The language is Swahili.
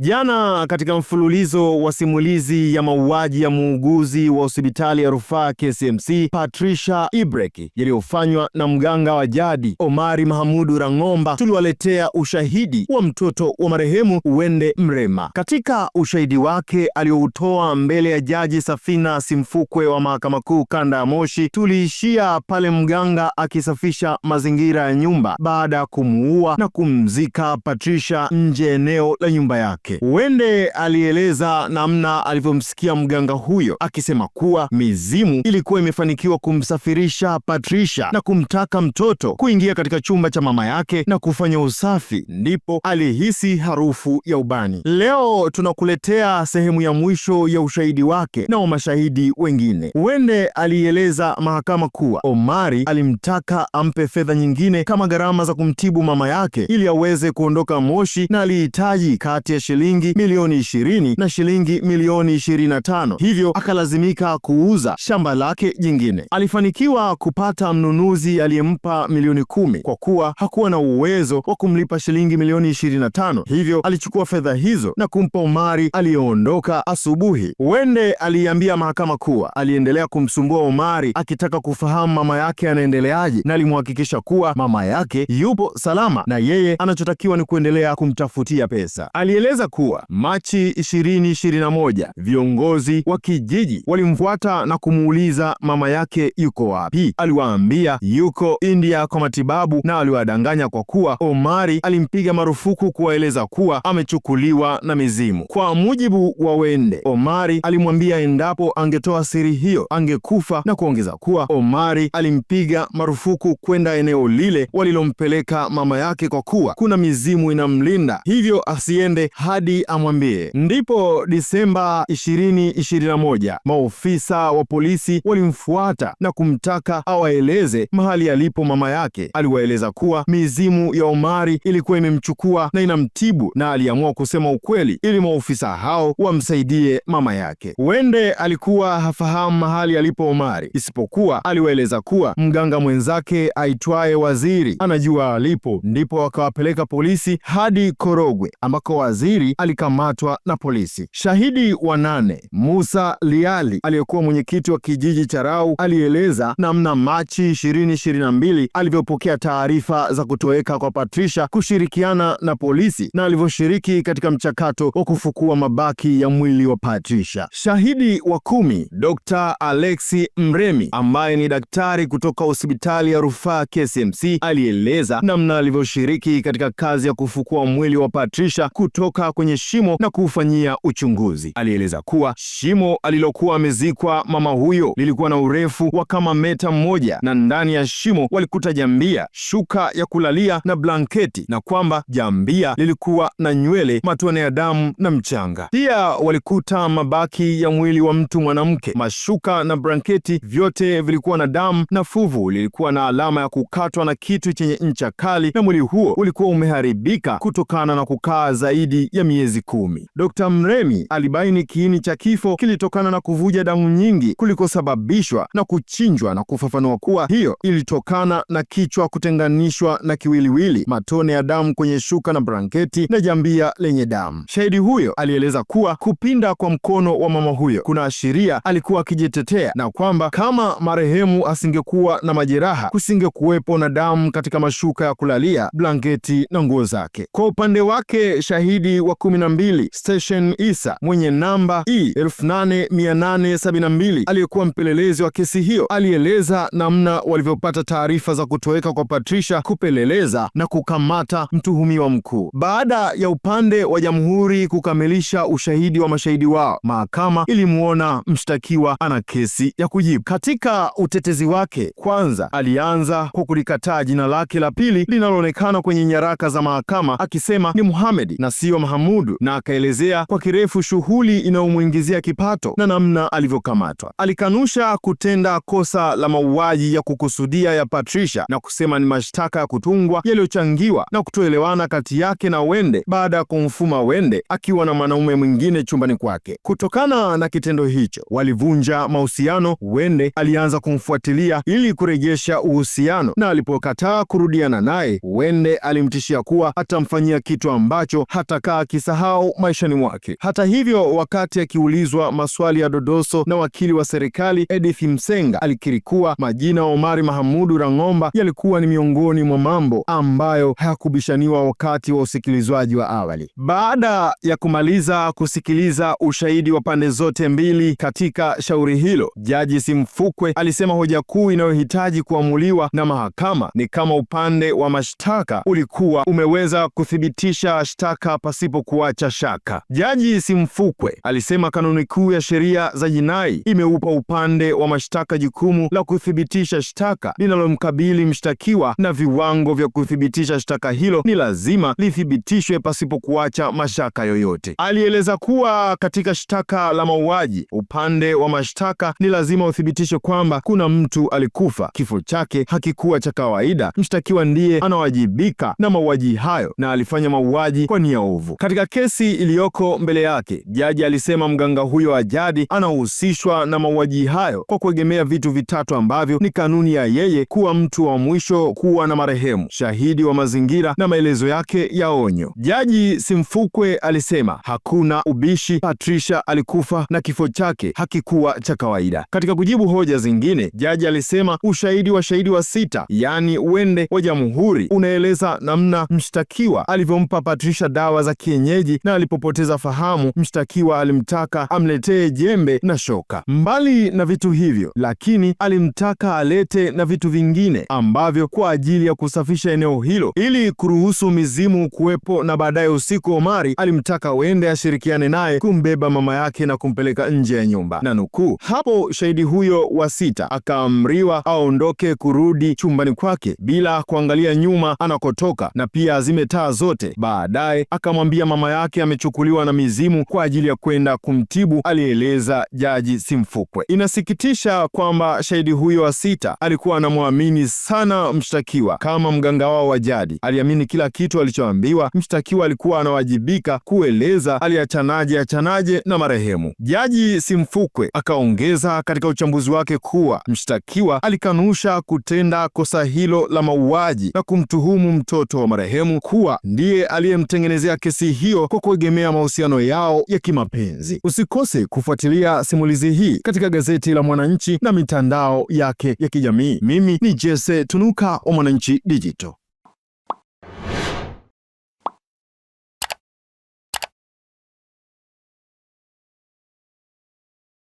Jana katika mfululizo wa simulizi ya mauaji ya muuguzi wa hospitali ya rufaa KCMC Patricia Ibrek yaliyofanywa na mganga wa jadi Omari Mahamudu Rang'omba, tuliwaletea ushahidi wa mtoto wa marehemu uende Mrema. Katika ushahidi wake aliyoutoa mbele ya Jaji Safina Simfukwe wa Mahakama Kuu Kanda ya Moshi, tuliishia pale mganga akisafisha mazingira ya nyumba baada ya kumuua na kumzika Patricia nje eneo la nyumba yake yake. Wende alieleza namna alivyomsikia mganga huyo akisema kuwa mizimu ilikuwa imefanikiwa kumsafirisha Patricia na kumtaka mtoto kuingia katika chumba cha mama yake na kufanya usafi, ndipo alihisi harufu ya ubani. Leo tunakuletea sehemu ya mwisho ya ushahidi wake na wa mashahidi wengine. Wende alieleza mahakama kuwa Omari alimtaka ampe fedha nyingine kama gharama za kumtibu mama yake ili aweze kuondoka Moshi na alihitaji kati ya shilingi milioni 20 na shilingi milioni 25, hivyo akalazimika kuuza shamba lake jingine. Alifanikiwa kupata mnunuzi aliyempa milioni kumi kwa kuwa hakuwa na uwezo wa kumlipa shilingi milioni 25, hivyo alichukua fedha hizo na kumpa Omari aliyeondoka asubuhi. Wende aliambia mahakama kuwa aliendelea kumsumbua Omari akitaka kufahamu mama yake anaendeleaje, na alimhakikisha kuwa mama yake yupo salama na yeye anachotakiwa ni kuendelea kumtafutia pesa. Alieleza kuwa Machi 2021 viongozi wa kijiji walimfuata na kumuuliza mama yake yuko wapi. Aliwaambia yuko India kwa matibabu, na aliwadanganya kwa kuwa Omari alimpiga marufuku kuwaeleza kuwa amechukuliwa na mizimu. Kwa mujibu wa Wende, Omari alimwambia endapo angetoa siri hiyo angekufa, na kuongeza kuwa Omari alimpiga marufuku kwenda eneo lile walilompeleka mama yake kwa kuwa kuna mizimu inamlinda, hivyo asiende hai hadi amwambie. Ndipo Disemba 2021 maofisa wa polisi walimfuata na kumtaka awaeleze mahali alipo mama yake. Aliwaeleza kuwa mizimu ya Omari ilikuwa imemchukua na inamtibu, na aliamua kusema ukweli ili maofisa hao wamsaidie mama yake. Wende alikuwa hafahamu mahali alipo Omari, isipokuwa aliwaeleza kuwa mganga mwenzake aitwaye Waziri anajua alipo, ndipo akawapeleka polisi hadi Korogwe ambako Waziri Waziri alikamatwa na polisi. Shahidi wa nane, Musa Liali aliyekuwa mwenyekiti wa kijiji cha Rau alieleza namna Machi 2022 alivyopokea taarifa za kutoweka kwa Patricia kushirikiana na polisi na alivyoshiriki katika mchakato wa kufukua mabaki ya mwili wa Patricia. Shahidi wa kumi, Dr. Alexi Mremi ambaye ni daktari kutoka hospitali ya rufaa KCMC alieleza namna alivyoshiriki katika kazi ya kufukua mwili wa Patricia kutoka kukaa kwenye shimo na kuufanyia uchunguzi. Alieleza kuwa shimo alilokuwa amezikwa mama huyo lilikuwa na urefu wa kama meta moja na ndani ya shimo walikuta jambia, shuka ya kulalia na blanketi, na kwamba jambia lilikuwa na nywele, matone ya damu na mchanga. Pia walikuta mabaki ya mwili wa mtu mwanamke. Mashuka na blanketi vyote vilikuwa na damu na fuvu lilikuwa na alama ya kukatwa na kitu chenye ncha kali, na mwili huo ulikuwa umeharibika kutokana na kukaa zaidi ya miezi kumi. Dr. Mremi alibaini kiini cha kifo kilitokana na kuvuja damu nyingi kulikosababishwa na kuchinjwa na kufafanua kuwa hiyo ilitokana na kichwa kutenganishwa na kiwiliwili, matone ya damu kwenye shuka na blanketi na jambia lenye damu. Shahidi huyo alieleza kuwa kupinda kwa mkono wa mama huyo kunaashiria alikuwa akijitetea na kwamba kama marehemu asingekuwa na majeraha kusingekuwepo na damu katika mashuka ya kulalia, blanketi na nguo zake. Kwa upande wake shahidi wa 12 Station Isa mwenye namba E 8872 aliyekuwa mpelelezi wa kesi hiyo alieleza namna walivyopata taarifa za kutoweka kwa Patricia kupeleleza na kukamata mtuhumiwa mkuu. Baada ya upande wa jamhuri kukamilisha ushahidi wa mashahidi wao, mahakama ilimwona mshtakiwa ana kesi ya kujibu. Katika utetezi wake, kwanza alianza kwa kulikataa jina lake la pili linaloonekana kwenye nyaraka za mahakama akisema ni Muhamedi na siyo Muhammad. Mahamudu na akaelezea kwa kirefu shughuli inayomwingizia kipato na namna alivyokamatwa. Alikanusha kutenda kosa la mauaji ya kukusudia ya Patricia na kusema ni mashtaka ya kutungwa yaliyochangiwa na kutoelewana kati yake na Wende baada ya kumfuma Wende akiwa na mwanaume mwingine chumbani kwake. Kutokana na kitendo hicho, walivunja mahusiano. Wende alianza kumfuatilia ili kurejesha uhusiano, na alipokataa kurudiana naye, Wende alimtishia kuwa atamfanyia kitu ambacho hatakaa akisahau maishani mwake. Hata hivyo, wakati akiulizwa maswali ya dodoso na wakili wa serikali Edith Msenga, alikiri kuwa majina ya Omari Mahamudu Rang'omba yalikuwa ni miongoni mwa mambo ambayo hayakubishaniwa wakati wa usikilizwaji wa awali. Baada ya kumaliza kusikiliza ushahidi wa pande zote mbili katika shauri hilo, Jaji Simfukwe alisema hoja kuu inayohitaji kuamuliwa na mahakama ni kama upande wa mashtaka ulikuwa umeweza kuthibitisha shtaka pasipo kuacha shaka. Jaji Simfukwe alisema kanuni kuu ya sheria za jinai imeupa upande wa mashtaka jukumu la kuthibitisha shtaka linalomkabili mshtakiwa na viwango vya kuthibitisha shtaka hilo ni lazima lithibitishwe pasipo kuacha mashaka yoyote. Alieleza kuwa katika shtaka la mauaji, upande wa mashtaka ni lazima uthibitishe kwamba kuna mtu alikufa, kifo chake hakikuwa cha kawaida, mshtakiwa ndiye anawajibika na mauaji hayo na alifanya mauaji kwa nia ovu. Katika kesi iliyoko mbele yake, jaji alisema mganga huyo wa jadi anahusishwa na mauaji hayo kwa kuegemea vitu vitatu ambavyo ni kanuni ya yeye kuwa mtu wa mwisho kuwa na marehemu, shahidi wa mazingira na maelezo yake ya onyo. Jaji Simfukwe alisema hakuna ubishi, Patricia alikufa na kifo chake hakikuwa cha kawaida. Katika kujibu hoja zingine, jaji alisema ushahidi wa shahidi wa sita, yaani Wende wa Jamhuri, unaeleza namna mshtakiwa alivyompa Patricia dawa za kienyeji na alipopoteza fahamu, mshtakiwa alimtaka amletee jembe na shoka. Mbali na vitu hivyo, lakini alimtaka alete na vitu vingine ambavyo kwa ajili ya kusafisha eneo hilo ili kuruhusu mizimu kuwepo, na baadaye usiku Omari alimtaka wende ashirikiane naye kumbeba mama yake na kumpeleka nje ya nyumba, na nukuu hapo shahidi huyo wa sita akaamriwa aondoke kurudi chumbani kwake bila kuangalia nyuma anakotoka, na pia azime taa zote. Baadaye akamwambia ya mama yake amechukuliwa na mizimu kwa ajili ya kwenda kumtibu, alieleza Jaji Simfukwe. Inasikitisha kwamba shahidi huyo wa sita alikuwa anamwamini sana mshtakiwa kama mganga wao wa jadi, aliamini kila kitu alichoambiwa. Mshtakiwa alikuwa anawajibika kueleza aliachanaje achanaje na marehemu. Jaji Simfukwe akaongeza katika uchambuzi wake kuwa mshtakiwa alikanusha kutenda kosa hilo la mauaji na kumtuhumu mtoto wa marehemu kuwa ndiye aliyemtengenezea kesi hadithi hiyo kwa kuegemea mahusiano yao ya kimapenzi. Usikose kufuatilia simulizi hii katika gazeti la Mwananchi na mitandao yake ya kijamii. Mimi ni Jesse Tunuka wa Mwananchi Digital.